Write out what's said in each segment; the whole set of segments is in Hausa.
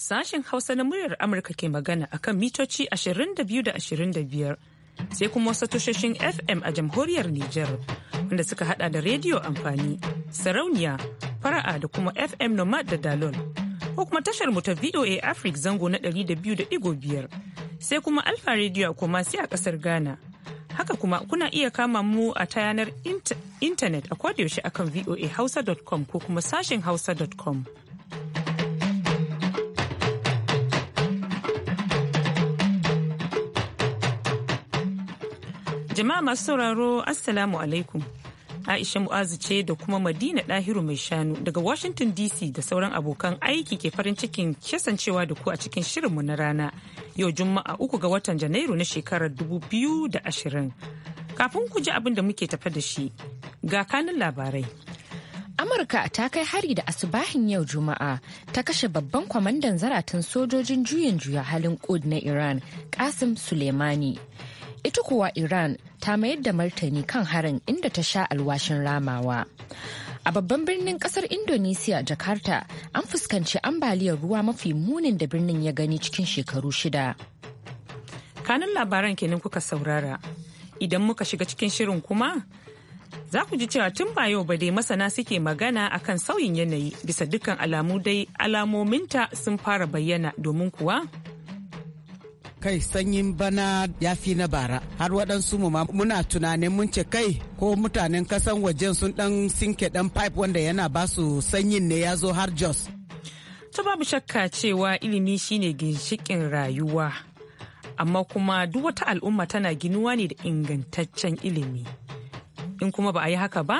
Sashen Hausa na muryar Amurka ke magana akan mitoci 22 da 25 sai kuma wasu tashoshin FM a jamhuriyar Nijar wanda suka hada da rediyo amfani, sarauniya, fara'a da kuma FM Nomad da Dalol. Ko kuma tashar mu ta VOA Africa zango na 200.5 sai kuma Alfa Radio kuma sai a kasar Ghana. haka kuma kuna iya kama mu a ta yanar intanet a kodayaushe akan voahausa.com ko kuma sashen hausa.com. Jama'a masu sauraro Assalamu alaikum. Aisha Mu'azu ce da kuma Madina Dahiru mai shanu daga Washington DC da sauran abokan aiki ke farin cikin kesancewa da ku a cikin shirinmu na rana yau Juma'a uku ga watan Janairu na shekarar dubu biyu da ashirin. Kafin ku ji abin da muke tafe da shi ga kanin labarai. Amurka ta kai hari da asubahin yau Juma'a ta kashe babban kwamandan zaratan sojojin juyin juya halin na Iran, Qasim Suleimani. Ita kuwa Iran ta mayar da martani kan harin inda ta sha alwashin ramawa. A babban birnin kasar Indonesia, Jakarta, an fuskanci ambaliyar ruwa mafi munin da birnin ya gani cikin shekaru shida. Kanin labaran kenan kuka saurara. Idan muka shiga cikin shirin kuma, za ku ji cewa tun ba yau ba dai masana suke magana akan sauyin yanayi bisa dukkan alamu dai alamominta sun fara bayyana domin kuwa kai sanyin bana ya fi na bara har waɗansu mu ma muna tunanin mun ce kai ko mutanen kasan wajen sun ɗan sinke ɗan pipe wanda yana ba su sanyin ne ya zo har jos ta babu shakka cewa ilimi shine ginshikin rayuwa amma kuma duk wata al'umma tana ginuwa ne da ingantaccen ilimi in kuma ba a yi haka ba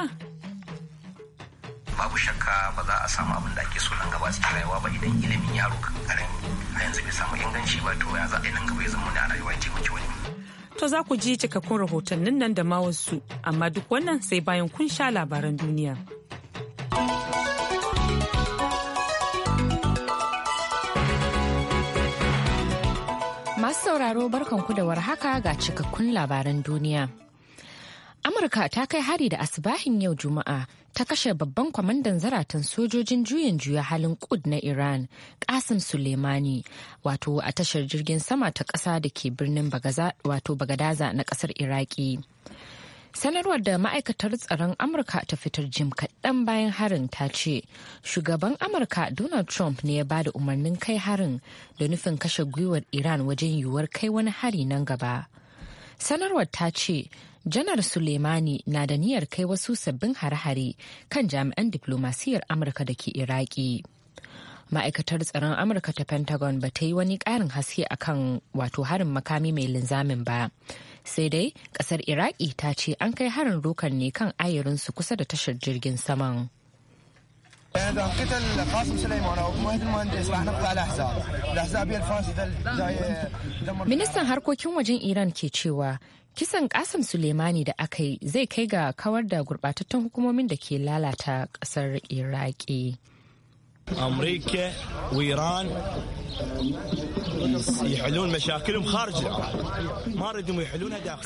babu shakka ba za a samu abin da ake so nan gaba cikin rayuwa ba idan ilimin yaro karami yanzu bai samu inganci ba to ya za gaba ya zama a rayuwa taimaki wani. To za ku ji cikakkun rahotannin nan da ma wasu amma duk wannan sai bayan kun sha labaran duniya. Masu sauraro barkanku da warhaka ga cikakkun labaran duniya. Amurka ta kai hari da asibahin yau Juma'a ta kashe babban kwamandan zaratan sojojin juyin juya halin kud na iran kasim suleimani wato a tashar jirgin sama ta ƙasa da ke birnin bagadaza na ƙasar iraki sanarwar da ma'aikatar tsaron amurka ta fitar jim kaɗan bayan harin ta ce shugaban amurka donald trump ne ya bada umarnin kai harin da nufin kashe gwiwar iran wajen yiwuwar kai wani hari nan gaba sanarwar ta ce janar suleimani na da niyyar kai wasu sabbin hare-hare kan jami'an diplomasiyar amurka da ke iraki ma'aikatar tsaron amurka ta pentagon ba ta yi wani ƙarin haske akan wato harin makami mai linzamin ba sai dai ƙasar iraki ta ce an kai harin rokan ne kan ayarinsu kusa da tashar jirgin saman. Ministan harkokin wajen Iran ke cewa kisan kasim suleimani da aka yi zai kai ga kawar da gurbatattun hukumomin da ke lalata kasar iraki Amurka, Iran,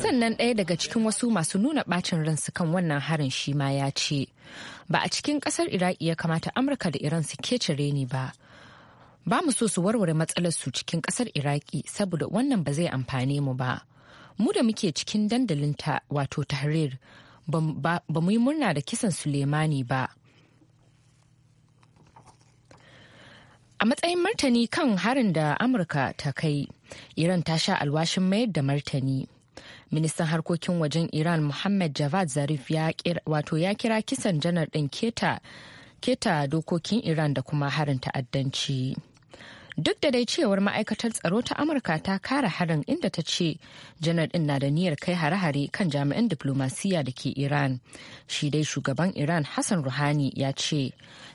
sannan ɗaya daga cikin wasu masu nuna ɓacin ransu kan wannan harin shi ma ya ce ba a cikin ƙasar iraki ya kamata amurka da iran su kecere ni ba ba mu so su warware matsalar su cikin ƙasar iraki saboda wannan ba zai amfane mu ba mu da muke cikin dandalinta wato tahrir ba mu yi murna da kisan sulemani ba a matsayin martani kan harin da amurka ta kai iran ta sha alwashin mayar da martani ministan harkokin wajen iran muhammad javad zarif ya wato ya kira kisan janar ɗin keta keta dokokin iran da kuma harin ta'addanci. duk da dai cewar ma'aikatar tsaro ta amurka ta kara harin inda ta ce janar din na da niyyar kai hare-hare kan jami'an diplomasiya da ke iran shi dai shugaban iran hassan ruhani ya ce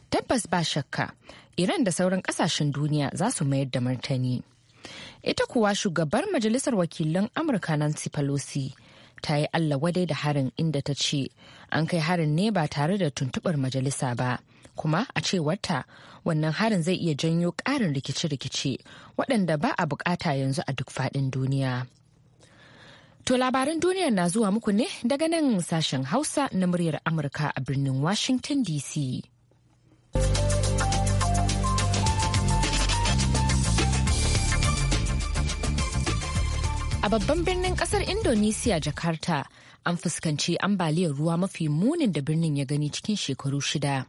tabbas ba shakka iran da sauran kasashen duniya za su mayar da martani ita kuwa shugabar majalisar wakilan amurka nancy pelosi ta yi allah wadai da harin inda ta ce an kai harin ne ba tare da tuntubar majalisa ba kuma a cewarta wannan harin zai iya janyo ƙarin rikice-rikice waɗanda ba a bukata yanzu a duk faɗin duniya. To labaran duniyar na zuwa muku ne daga nan sashen Hausa na muryar Amurka a birnin Washington DC. A babban birnin kasar Indonesia Jakarta an fuskanci ambaliyar ruwa mafi munin da birnin ya gani cikin shekaru shida.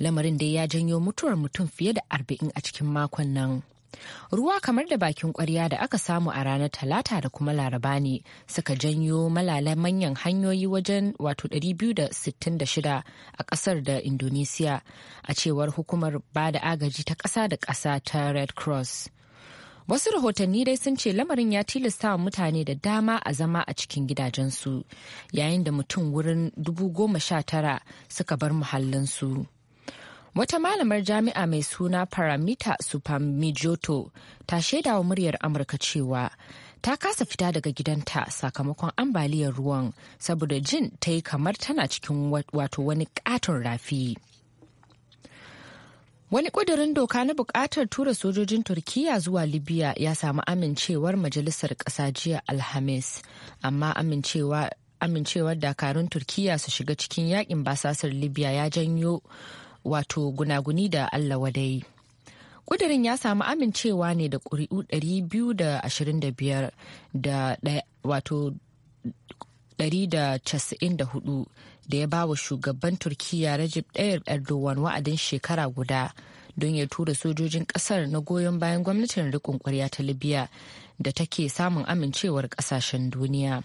lamarin dai ya janyo mutuwar mutum fiye da arba'in a cikin makon nan ruwa kamar da bakin kwarya da aka samu a ranar talata da kuma laraba ne suka janyo malalai manyan hanyoyi wajen wato 266 a kasar da Indonesia, a cewar hukumar ba da agaji ta kasa da kasa ta red cross wasu rahotanni dai sun ce lamarin ya tilasta wa mutane da dama a zama a cikin gidajensu yayin da mutum wurin 19,000 suka bar muhallinsu. Wata malamar jami'a mai suna Paramita Supamijoto ta shaida wa muryar Amurka cewa ta kasa fita daga gidanta sakamakon ambaliyar ruwan saboda jin ta yi kamar tana cikin wato wani katon rafi. Wani ƙudurin doka na buƙatar tura sojojin Turkiyya zuwa Libya ya samu amincewar Majalisar ƙasa jiya Alhamis, amma amincewar dakarun Turkiyya su shiga cikin yakin basasar Libya ya janyo wato gunaguni da Allah wadai. Kudirin ya samu amincewa ne da ƙuri'u 225 da wato 194 da ya bawa shugaban Turkiyya Recep Tayyip Erdogan wa'adin shekara guda don ya tura sojojin ƙasar na goyon bayan gwamnatin riƙon ƙwarya ta Libya da take samun amincewar ƙasashen duniya.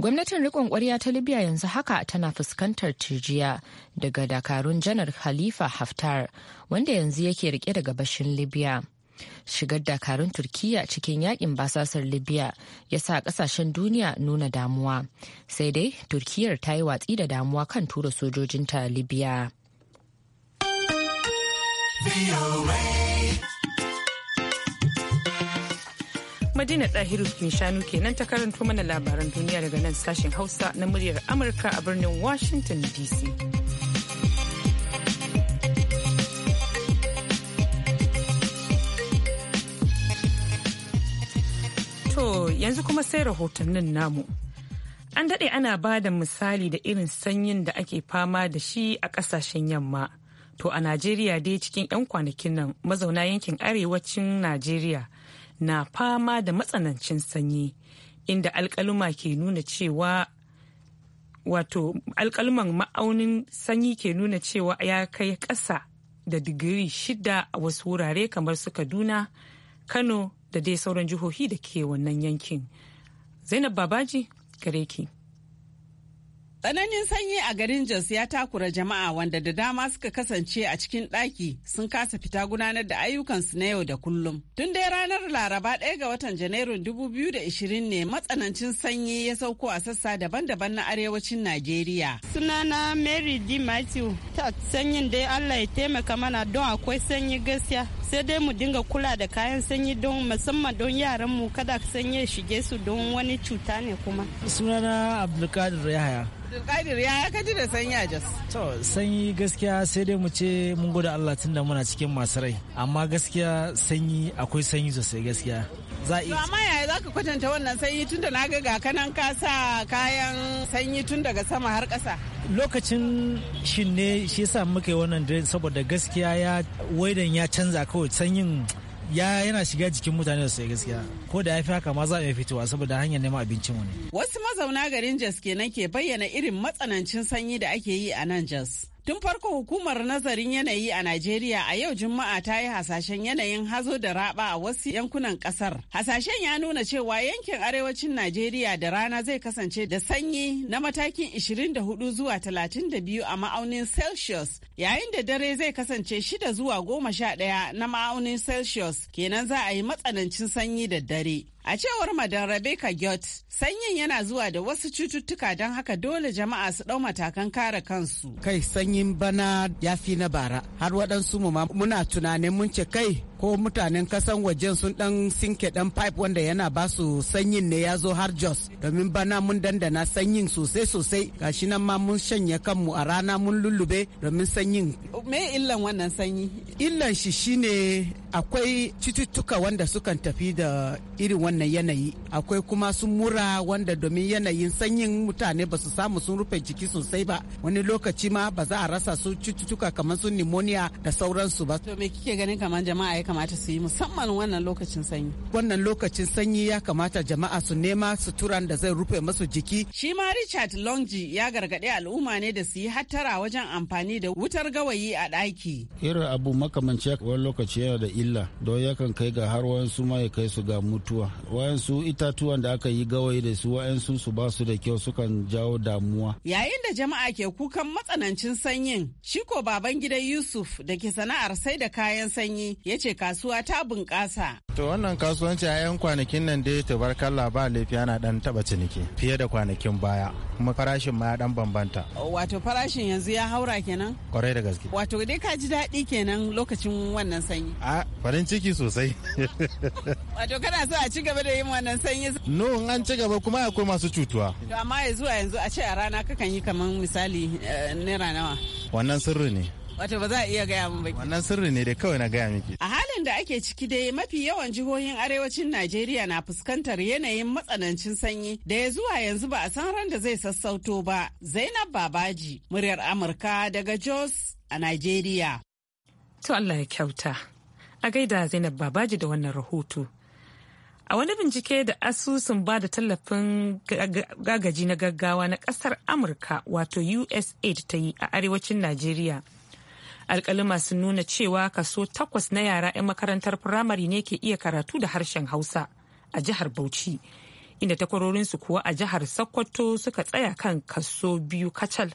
Gwamnatin rikon kwarya ta Libya yanzu haka tana fuskantar turjiya daga dakarun janar Khalifa Haftar wanda yanzu yake rike da gabashin Libya. Shigar dakarun Turkiyya cikin yakin basasar Libya ya sa kasashen duniya nuna damuwa. Sai dai Turkiyyar ta yi watsi da damuwa kan tura sojojinta Libya. Madina Dahiru Shanu kenan ta karanto mana labaran duniya daga nan sashen Hausa na muryar Amurka a birnin Washington DC. To yanzu kuma sai rahotannin namu. An daɗe ana ba da misali da irin sanyin da ake fama da shi a ƙasashen yamma. To a Najeriya dai cikin 'yan kwanakin nan mazauna yankin arewacin Najeriya na fama da matsanancin sanyi inda alkaluma ke nuna cewa wato alkaluman ma'aunin sanyi ke nuna cewa ya kai ƙasa da digiri shida a wasu wurare kamar su kaduna kano da dai sauran jihohi da ke wannan yankin zainab babaji gare ki. Tsananin sanyi a garin Jos ya takura jama'a wanda da dama suka kasance a cikin ɗaki sun kasa fita gudanar da ayyukansu na yau da kullum. Tun dai ranar Laraba ɗaya ga watan Janairun 2020 ne matsanancin sanyi ya sauko a sassa daban-daban na arewacin Najeriya. Sunana Mary D. Matthew, sanyin dai Allah ya taimaka mana don akwai sanyi gaskiya. sai dai mu dinga kula da kayan sanyi don musamman don yaran mu kada sanyi shige su don wani cuta ne kuma sunana abdulkadir yahaya Abdulkadir ya ka ji da sanyi a Jos. To sanyi gaskiya sai dai mu ce mun gode Allah tunda muna cikin masu rai. Amma gaskiya sanyi akwai sanyi sosai gaskiya. za a amma yaya za ka kwatanta wannan sanyi tun da na ga ga kanan ka sa kayan sanyi tun daga sama har kasa. lokacin shi ne shi yasa muka yi wannan dare saboda gaskiya ya waidan ya canza kawai sanyin ya yana shiga jikin mutane sosai gaskiya ko da ya fi haka ma za a fitowa saboda hanyar neman abincin mu Wasu mazauna garin Jos kenan ke bayyana irin matsanancin sanyi da ake yi a nan Jos. Tun farko hukumar nazarin yanayi a Najeriya a yau Juma'a ta yi hasashen yanayin hazo da raba a wasu yankunan kasar. Hasashen ya nuna cewa yankin arewacin Najeriya da rana zai kasance da sanyi na matakin 24 zuwa 32 a ma'aunin Celsius, yayin da dare zai kasance 6 zuwa 11 na ma'aunin Celsius, kenan za a yi matsanancin sanyi da dare. A cewar Madan Rebecca Gyot, sanyin yana zuwa da wasu cututtuka don haka dole jama'a su ɗau matakan kare kansu. Kai sanyin bana ya fi na bara, har waɗansu mu ma muna tunanin mun ce kai ko mutanen kasan wajen sun dan sinke dan pipe wanda yana ba su sanyin ne ya zo har jos domin bana mun dandana sanyin sosai sosai gashi nan ma mun shanye kanmu a rana mun lullube domin sanyin me illan wannan sanyi illan shi shine akwai cututtuka wanda sukan tafi da irin wannan yanayi akwai kuma su mura wanda domin yanayin sanyin mutane ba su samu sun rufe jiki sosai ba wani lokaci ma ba za a rasa su cututtuka kamar su pneumonia da sauransu ba to me kike ganin kamar jama'a ya kamata su yi musamman wannan lokacin sanyi. Wannan lokacin sanyi ya kamata jama'a su nema suturan da zai rufe masu jiki. Shi ma Richard Longji ya gargaɗi al'umma ne da su yi hattara wajen amfani da wutar gawayi a ɗaki. Irin abu makamanci wani lokaci yana da illa don yakan kai ga har wayansu ma ya kai su ga mutuwa. Wayansu itatuwan da aka yi gawayi da su wayansu su ba su da kyau sukan jawo damuwa. Yayin da jama'a ke kukan matsanancin sanyin, shi ko baban gidan Yusuf da ke sana'ar sai da kayan sanyi ya ce kasuwa ta bunƙasa. To wannan kasuwanci a 'yan kwanakin nan dai tabarkalla ba laifiya na dan taba ciniki fiye da kwanakin baya kuma farashin ma ya dan bambanta. Wato farashin yanzu ya haura kenan? Kwarai da gaske. Wato dai ka ji daɗi kenan lokacin wannan sanyi. A farin ciki sosai. Wato kana so a ci gaba da yin wannan sanyi? No an ci gaba kuma akwai masu cutuwa. To amma ya zuwa yanzu a ce a rana kakan yi kamar misali eh, naira nawa. Wannan sirri ne. wato ba za a iya gaya mun ba wannan sirri ne da kawai na gaya miki a halin da ake ciki dai mafi yawan jihohin arewacin Najeriya na fuskantar yanayin matsanancin sanyi da ya zuwa yanzu ba a san ran da zai sassauto ba Zainab Babaji muryar Amurka daga Jos a Najeriya to Allah ya kyauta a gaida Zainab Babaji da wannan rahoto A wani bincike da asusun ba da tallafin gagaji na gaggawa na kasar Amurka wato USAID ta yi a arewacin Najeriya alkalima sun nuna cewa kaso takwas na yara 'yan makarantar firamare ne ke iya karatu da harshen hausa a jihar bauchi inda takwarorinsu kuwa a jihar sokoto suka tsaya kan kaso biyu kacal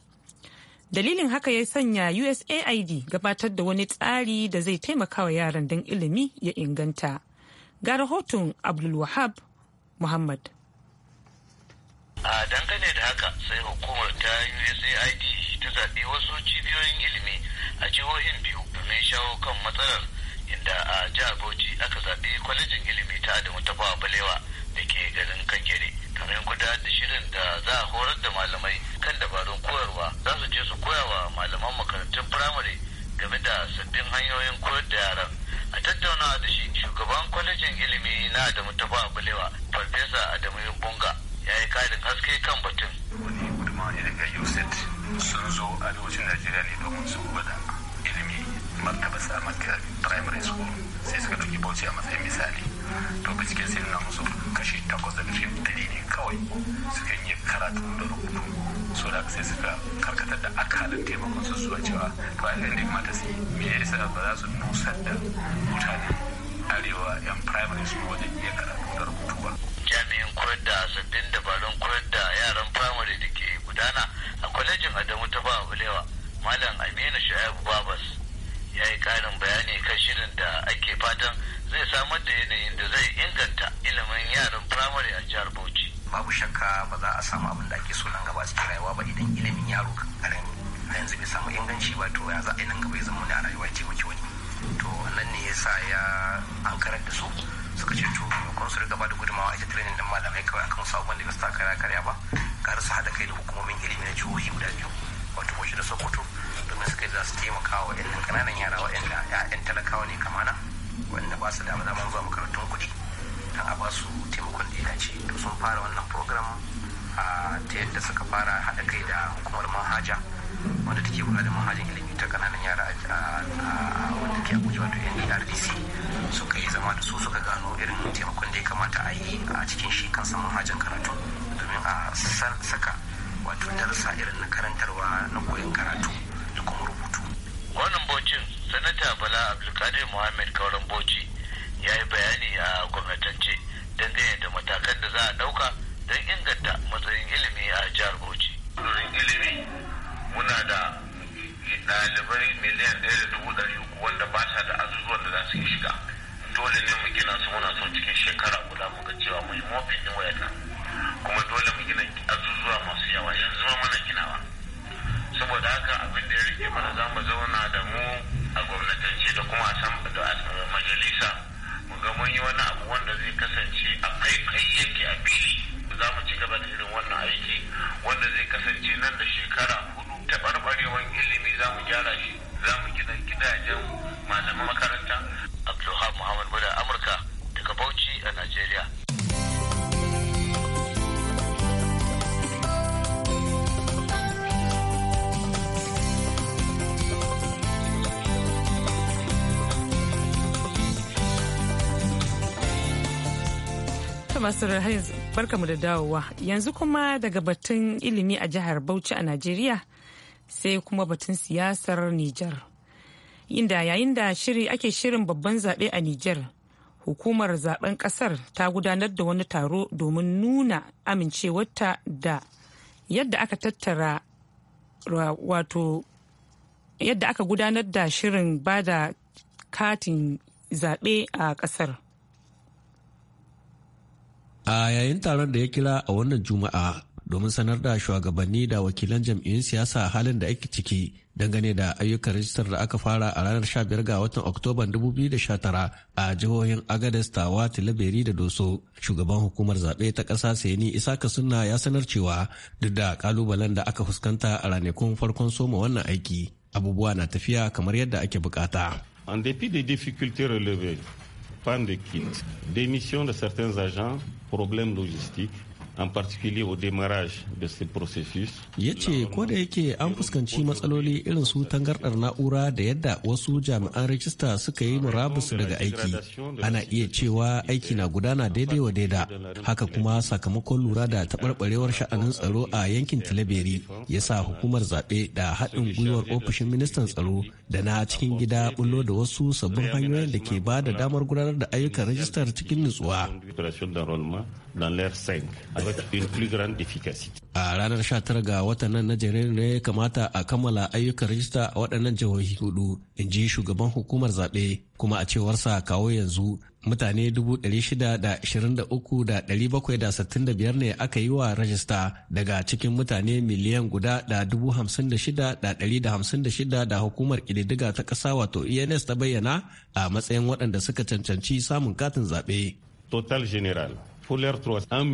dalilin haka ya sanya usaid gabatar da wani tsari da zai taimaka wa yaran don ilimi ya inganta ga rahoton abdulwahab muhammad a dangane da haka sai hukumar ta usaid ta zaɓi wasu cibiyoyin ilimi a jihohin biyu domin shawo kan matsalar inda a jihar bauchi aka zaɓi kwalejin ilimi ta adamu ta bawa balewa da ke garin kangere kamar gudanar da shirin da za a horar da malamai kan dabarun koyarwa za su je su koya wa malaman makarantun firamare game da sabbin hanyoyin koyar da yaran a tattaunawa da shi shugaban kwalejin ilimi na adamu ta bawa balewa farfesa adamu bunga ya yi karin haske kan batun. Wani gudunmawa ne daga USAID sun zo arewacin Najeriya ne domin su gwada ilimi martaba samar da primary school sai suka ɗauki bauchi a matsayin misali. To bincike sai nuna musu kashi takwas da nufin ɗari ne kawai suka yi karatu da rubutu. So da sai suka karkatar da akalin taimakon su zuwa cewa to a yanzu mata su yi me yasa ba za su nusar da mutane arewa yan primary school wajen iya karatu. jami'in koyar da sabbin dabarun koyar da yaran firamare da ke gudana a kwalejin adamu ta bawa bulewa malam aminu shu'aibu babas ya yi karin bayani kan shirin da ake fatan zai samar da yanayin da zai inganta ilimin yaran firamare a jihar bauchi babu shakka ba za a samu abin da ake so nan gaba cikin rayuwa ba idan ilimin yaro karami a yanzu bai samu inganci ba to ya za a yi nan gaba ya zama wani a rayuwa ce wani to nan ne ya sa ya an karar da su suka ce to kun su riga ba da gudunmawa ita training din malamai kawai akan sabon da ba su kara karya ba gara su haɗa kai da hukumomin ilimi na jihohi guda biyu wato bauchi da sokoto domin su kai za su taimaka wa yan kananan yara waɗanda ƴaƴan talakawa ne kamana wanda ba su da daman zuwa makarantun kuɗi dan a ba su taimakon da ya dace to sun fara wannan program ah, ta yadda suka fara haɗa kai da hukumar manhaja wanda take kula da manhajin ilimi ta kananan yara a wanda ke abuja wato ndrdc suka yi zama da su suka gano irin taimakon da ya kamata a yi a cikin shi kan samun hajjin karatu domin a saka wato darasa irin na karantarwa na koyon karatu da kuma rubutu wannan bocin sanata bala abdulkadir muhammad kauran boci ya yi bayani a gwamnatanci masu barka mu da dawowa yanzu kuma daga batun ilimi a jihar Bauchi a Najeriya sai kuma batun siyasar Nijar. Inda yayin da shiri ake shirin babban zaɓe a Nijar, hukumar zaben kasar ta gudanar da wani taro domin nuna amincewarta da yadda aka tattara wato yadda aka gudanar da shirin bada katin zaɓe a kasar. a yayin taron da ya kira a wannan juma'a domin sanar da shugabanni da wakilan jam'iyyun siyasa halin da ake ciki dangane da ayyukan rajistar da aka fara a ranar 15 ga watan oktoban 2019 a jihohin agadez tawa tilaberi da doso shugaban hukumar zaɓe ta ƙasa seni isaka sunna ya sanar cewa duk da kalubalen da aka fuskanta a ranakun farkon soma wannan aiki abubuwa na tafiya kamar yadda ake bukata. en dépit des difficultés relevées, de kit, démission de certains agents problèmes logistiques en particulier de ce processus. Ya ko da yake an fuskanci matsaloli irin su tangardar na'ura da yadda wasu jami'an rajista suka yi murabus daga aiki ana iya cewa aiki na gudana daidai wa daida haka kuma sakamakon lura da taɓarɓarewar sha'anin tsaro a yankin Tilaberi ya sa hukumar zaɓe da haɗin gwiwar ofishin ministan tsaro da na cikin gida bullo da wasu sabbin hanyoyin da ke ba da damar gudanar da ayyukan rajistar cikin nutsuwa. avec efficacité. A ranar 19 ga watan nan na jere ne kamata a kammala ayyukan rajista a waɗannan jihohi hudu, in ji shugaban hukumar zaɓe kuma a cewarsa kawo yanzu mutane 623,765 ne aka yi wa rajista daga cikin mutane miliyan guda da da hukumar ƙididdiga ta ƙasa wato ens ta bayyana a matsayin waɗanda suka cancanci samun katin zaɓe. total general Pour l'heure 3, 1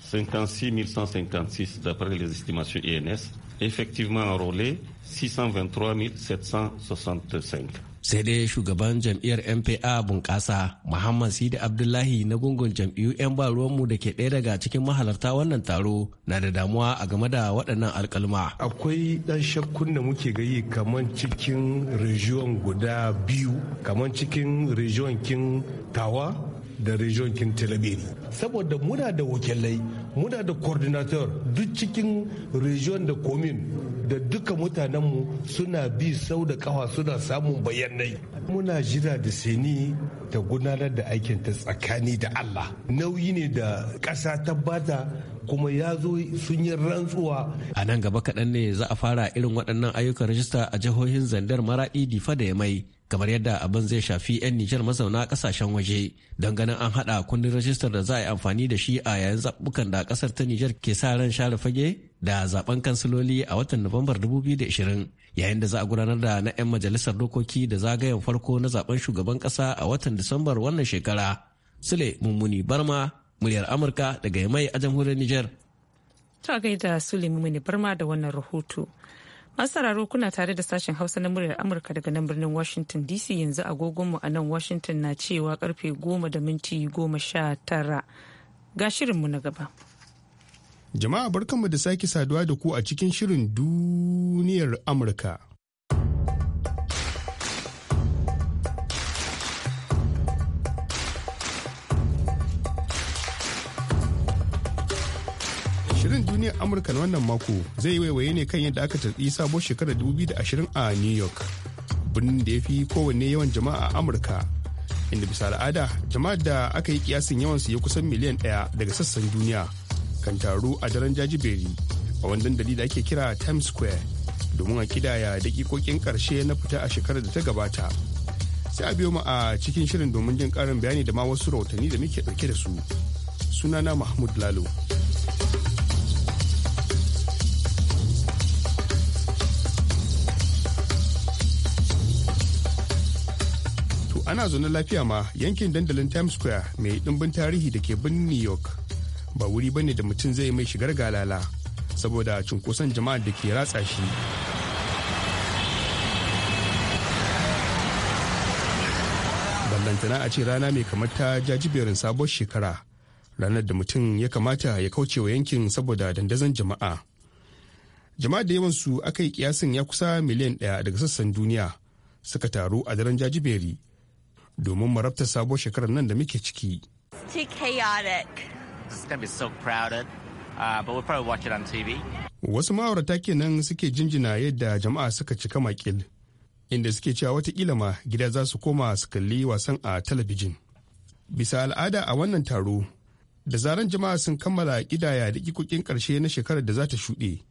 56 156 d'après les estimations INS, effectivement enrôlés 623 765. sai dai shugaban jam'iyyar mpa bunƙasa muhammad sidi abdullahi na gungun jam'iyyu 'yan ba da ke ɗaya daga cikin mahalarta wannan taro na da damuwa a game da waɗannan alƙalma akwai ɗan shakkun da muke gayi kamar cikin rijiyon guda biyu kamar cikin rijiyon kin tawa da region kin telebin saboda muna da wakilai muna da coordinator duk cikin region da komin da duka mutanenmu suna bi sau da kawa suna samun bayanai muna jira da seni ta gudanar da aikin ta tsakani da allah nauyi ne da ƙasa ta bata kuma ya zo sun yi rantsuwa a nan gaba kaɗan ne za a fara irin waɗannan ayyukan rajista a jihohin zandar maraɗi difa da ya mai kamar yadda abin zai shafi 'yan nijar mazauna kasashen waje don ganin an hada kundin rajistar da za a yi amfani da shi a yayin zaɓukan da ƙasar ta nijar ke sa ran share fage da zaben kansiloli a watan nuwambar 2020 yayin da za a gudanar da na 'yan majalisar dokoki da zagayen farko na zaben shugaban kasa a watan disambar wannan shekara sule mummuni barma muryar amurka daga yamai a jamhuriyar nijar ta gaida sule mummuni barma da wannan rahoto sararo kuna tare da sashen hausa na muryar amurka daga nan birnin washington dc yanzu agogonmu a nan washington na cewa karfe goma da minti goma sha tara ga shirinmu na gaba jama'a barkanmu da sake saduwa da ku a cikin shirin duniyar amurka Shirin duniyar Amurka na wannan mako zai waiwaye ne kan yadda aka tarbi sabon shekarar 2020 a New York. Birnin da ya fi kowanne yawan jama'a a Amurka. Inda bisa al'ada jama'ar da aka yi kiyasin yawansu ya kusan miliyan ɗaya daga sassan duniya kan taru a daren jajiberi a wani dandali da ake kira Times Square domin a kidaya daƙiƙoƙin ƙarshe na fita a shekarar da ta gabata. Sai a biyo mu a cikin shirin domin jin ƙarin bayani da ma wasu rahotanni da muke ɗauke da su. Sunana Mahmud Lalo. ana zaune lafiya ma yankin dandalin times square mai dimbin tarihi da ke birnin new york ba wuri ba ne da mutum zai mai shigar galala saboda cunkoson jama'a da ke ratsa shi ballantana a ce rana mai kamar ta jajiberin sabon shekara ranar da mutum ya kamata ya kauce wa yankin saboda dandazan jama'a jama'a da yawansu aka yi kiyasin ya kusa miliyan ɗaya daga sassan duniya suka taru a daren jajiberi domin marabta sabuwar shekarar nan da muke ciki. Uh, Wasu ma'aurata kenan suke jinjina yadda jama'a suka cika makil, inda suke cewa watakila ma gida za su koma su kalli wasan a talabijin. Bisa al'ada a wannan taro, da zaren jama'a sun kammala ƙidaya da ƙiƙoƙin ƙarshe na shekarar da za ta shuɗe.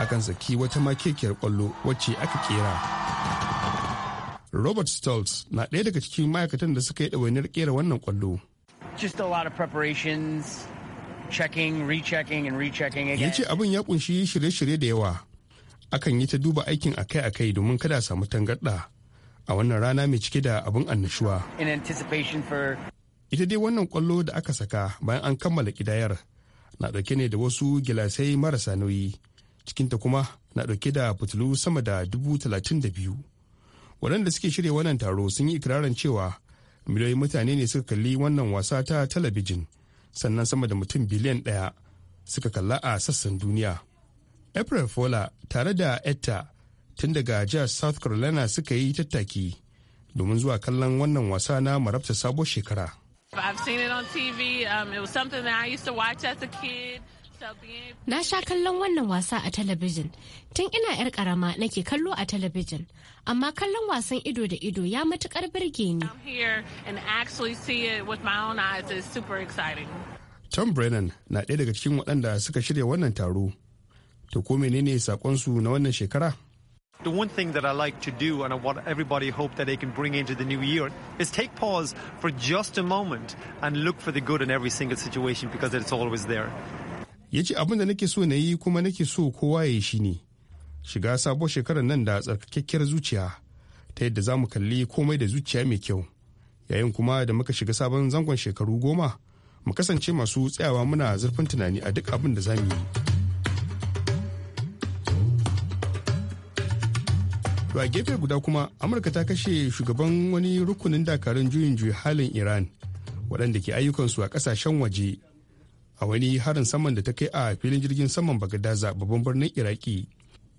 Akan saki wata makekiyar kwallo wacce aka kera. robert stoltz na ɗaya daga cikin ma'aikatan da suka yi ɗawainiyar ƙera wannan kwallo ya ce abin ya kunshi shirye-shirye da yawa akan yi ta duba aikin akai-akai domin kada samu tangarɗa a wannan rana mai cike da abin annashuwa ita dai wannan kwallo da aka saka bayan an kammala kidayar na ɗauke ne da wasu gilasai marasa nauyi cikinta kuma na ɗauke da fitilu sama da dubu talatin da biyu waɗanda suke shirya wannan taro sun yi ikirarin cewa miliyoyin mutane ne suka kalli wannan wasa ta talabijin sannan sama da mutum biliyan ɗaya suka kalla a sassan duniya april fola tare da etta tun daga jihar south carolina suka yi tattaki domin zuwa kallon wannan wasa na marabta sabon shekara I've TV. Um, it Na sha kallon wannan wasa a talabijin. Tun ina 'yar karama nake kallo a talabijin. Amma kallon wasan ido da ido ya matukar birge ni. Tom Brennan na ɗaya daga cikin waɗanda suka shirya wannan taro. To ko menene sakonsu na wannan shekara? The one thing that I like to do and I want everybody hope that they can bring into the new year is take pause for just a moment and look for the good in every single situation because it's always there. ya ce abin da nake so na yi kuma nake so kowa ya yi shi ne shiga sabuwar shekarar nan da tsarkakakkiyar zuciya ta yadda za mu kalli komai da zuciya mai kyau yayin kuma da muka shiga sabon zangon shekaru goma mu kasance masu tsayawa muna zurfin tunani a duk abin da za mu yi a gefe guda kuma amurka ta kashe shugaban wani rukunin dakarun juyin juyi halin iran waɗanda ke ayyukansu a ƙasashen waje a wani harin saman da ta kai a filin jirgin saman bagadaza babban birnin iraki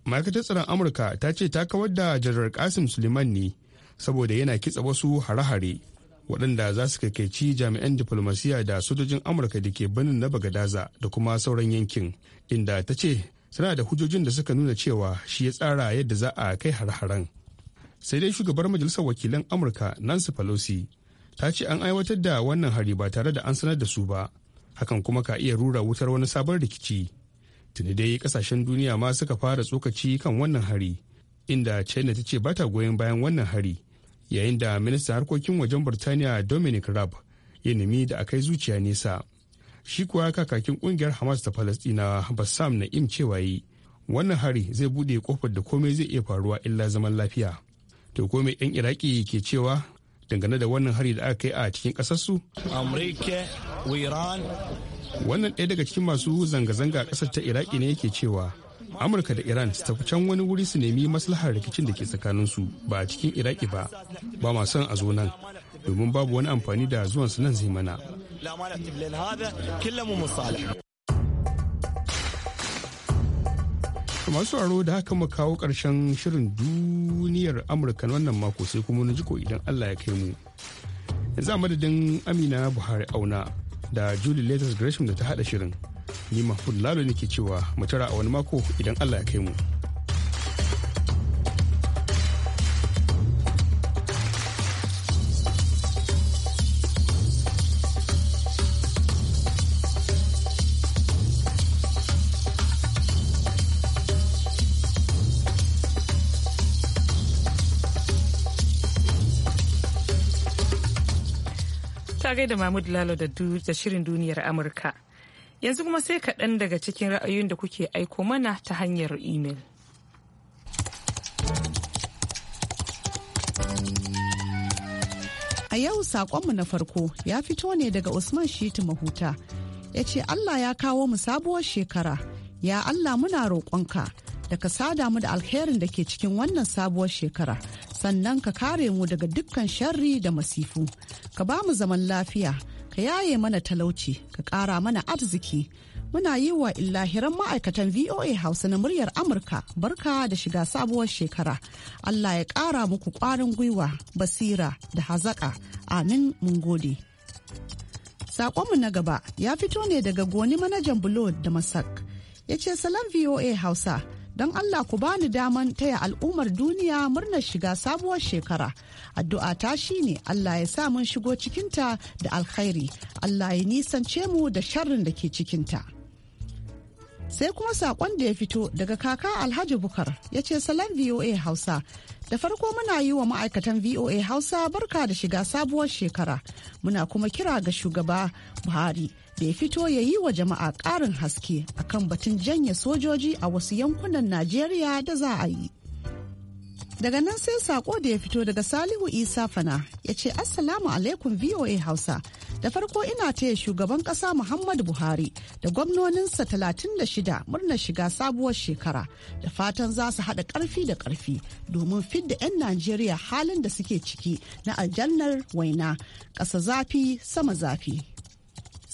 ma'aikatar tsaron amurka ta ce ta kawar da janar kasim suleiman ne saboda yana kitsa wasu hare-hare waɗanda za su kakeci jami'an diflomasiyya da sojojin amurka da ke birnin na bagadaza da kuma sauran yankin inda ta ce suna da hujjojin da suka nuna cewa shi ya tsara yadda za a kai har-haren sai dai shugabar majalisar wakilan amurka nancy pelosi ta ce an aiwatar da wannan hari ba tare da an sanar da su ba hakan kuma ka iya rura wutar wani sabon rikici tuni dai kasashen duniya ma suka fara tsokaci kan wannan hari inda china ta ce ba ta goyon bayan wannan hari yayin da ministan harkokin wajen burtaniya dominic rab. ya nemi da a kai zuciya nesa shi kuwa kakakin kungiyar hamas ta palestina bassam na'im cewa yi wannan hari zai bude kofar da komai zai iya faruwa illa zaman lafiya to komai yan iraki ke cewa dangane da wannan hari da aka kai a cikin ƙasarsu? Amurka, Iran. Wannan ɗaya daga cikin masu zanga-zanga a ƙasar ta Iraki ne yake cewa Amurka da Iran su tafi can wani wuri su nemi maslahar rikicin da ke tsakaninsu ba a cikin Iraki ba, ba ma son a zo nan, domin babu wani amfani da su nan zai mana. masu aro da haka mu kawo ƙarshen shirin du muryar amurka wannan mako sai kuma na jiko idan allah ya kai mu yanzu a madadin amina buhari auna da julie letters gresham da ta hada shirin ni mahfud lalo ne ke cewa mu tara a wani mako idan allah ya kai mu. gaida Mahmud Lalo da shirin duniyar Amurka. Yanzu kuma sai kaɗan daga cikin ra'ayoyin da kuke aiko mana ta hanyar imel. A yau saƙonmu na farko ya fito ne daga Usman Shitu Mahuta. Ya ce Allah ya kawo mu sabuwar shekara, ya Allah muna roƙonka da ka sada mu da alherin da ke cikin wannan sabuwar shekara sannan ka kare mu daga dukkan sharri da masifu ka ba mu zaman lafiya ka yaye mana talauci ka ƙara mana arziki muna yi wa illahiran ma'aikatan voa hausa na muryar amurka barka da shiga sabuwar shekara allah ya ƙara muku ƙwarin gwiwa basira da hazaƙa amin mun gode saƙonmu na gaba ya fito ne daga goni manajan bulo da masak ya ce salam voa hausa don Allah ku bani daman taya al'ummar duniya murnar shiga sabuwar shekara. Addu'a ta shi ne Allah ya sa mun shigo cikinta da alkhairi, Allah ya nisance mu da sharrin da ke cikinta. sai kuma sakon da ya fito daga kaka alhaji bukar ya ce salon voa hausa da farko muna yi wa ma'aikatan voa hausa barka da shiga sabuwar shekara muna kuma kira ga shugaba buhari da ya fito ya yi wa jama'a ƙarin haske akan batun janye sojoji a wasu yankunan najeriya da za a yi Daga nan sai sako da ya fito daga Salihu Isa Fana ya ce Assalamu alaikum VOA Hausa. Da farko ina taya shugaban kasa Muhammadu Buhari da gwamnoninsa 36 murnar shiga sabuwar shekara da fatan za su haɗa ƙarfi da ƙarfi domin fidda 'yan Najeriya halin da suke ciki na aljannar waina, ƙasa zafi sama zafi.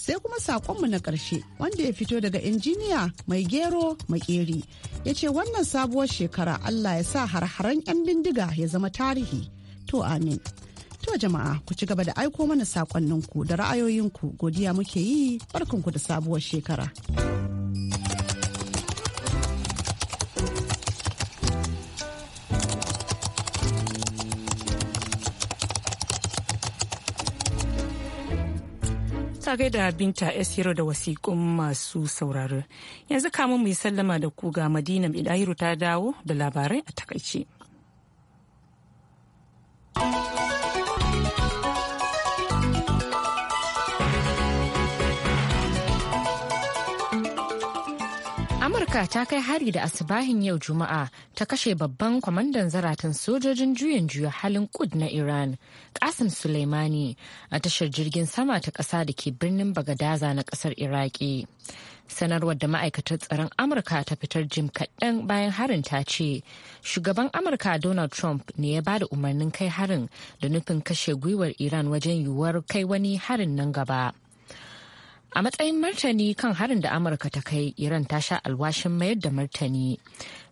sai kuma sakonmu na ƙarshe wanda ya fito daga injiniya mai gero makeri ya ce wannan sabuwar shekara allah ya sa har-haren 'yan bindiga ya zama tarihi to amin to jama'a ku ci gaba da aiko mana sakonninku da ra'ayoyinku godiya muke yi barkanku da sabuwar shekara. ta gaida binta esiro da wasiƙun masu sauraro yanzu kamun mu yi sallama da ku ga madina idahiru ta dawo da labarai a takaice. amurka ta kai hari da asibahin yau juma'a ta kashe babban kwamandan zaratan sojojin juyin juya halin kud na iran kasim suleimani a tashar jirgin sama ta ƙasa da ke birnin bagadaza na ƙasar iraki sanarwar da ma'aikatar tsaron amurka ta fitar jim kaɗan bayan harin ta ce shugaban amurka donald trump ne ya bada umarnin kai harin da nufin kashe gwiwar iran wajen yiwuwar kai wani harin nan gaba. A matsayin martani kan harin da Amurka ta kai, Iran ta sha alwashin mayar da martani.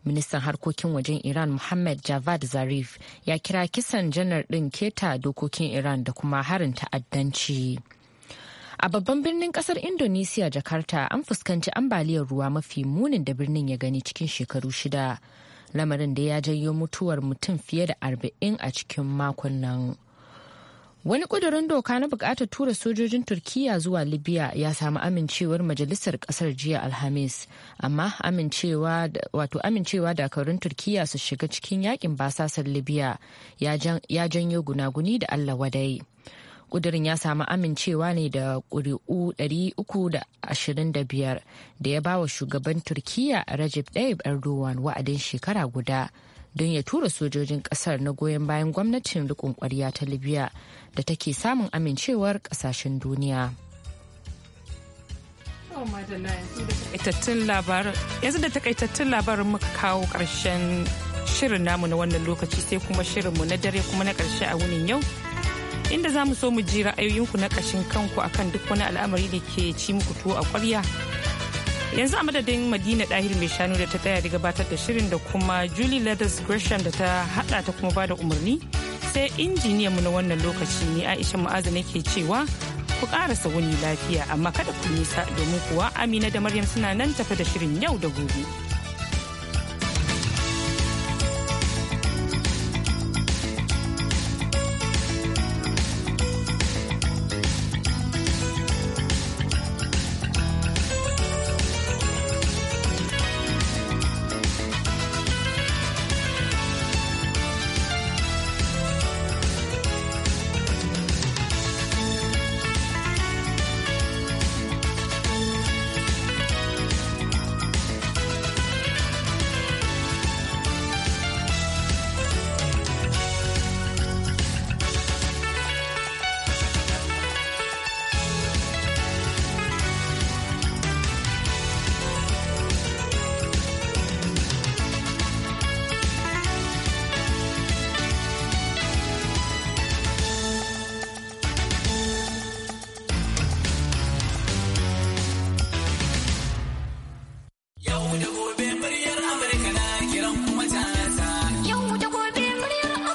Ministan harkokin wajen Iran Muhammad Javad Zarif ya kira kisan janar ɗin keta dokokin Iran da kuma harin ta'addanci. A babban birnin kasar Indonesia Jakarta an fuskanci ambaliyar ruwa mafi munin da birnin ya gani cikin shekaru shida. Lamarin da ya janyo mutuwar mutum fiye da arba'in a cikin makon nan. Wani ƙudurin doka na bukatar tura sojojin Turkiyya zuwa Libya ya samu amincewar majalisar ƙasar jiya Alhamis, amma wato amincewa dakarun Turkiyya su shiga cikin yakin basasar Libya ya janyo gunaguni da Allah wadai. Ƙudurin ya samu amincewa ne da ƙuri'u 325 da ya ba wa shugaban Turkiyya Recep Tayyip Erdogan wa'adin shekara guda don ya tura sojojin kasar na goyon bayan gwamnatin rikon kwarya ta libya da take samun amincewar kasashen duniya yanzu da takaitattun labarin muka kawo karshen shirin namu na wannan lokaci sai kuma shirinmu na dare kuma na karshe a wunin yau inda za mu so mu ji ra'ayoyinku na kashin kanku akan duk wani al'amari da ke ci muku tuwo a kwarya yanzu a madadin madina dahir mai shanu da ta tsaya da gabatar da shirin da kuma julie leathers gresham da ta hada ta kuma bada umarni sai injiniyan mu na wannan lokaci ne aisha mu'azu nake cewa ku karasa wuni lafiya amma kada ku nisa domin kuwa amina da maryam suna nan tafe da shirin yau da gobe.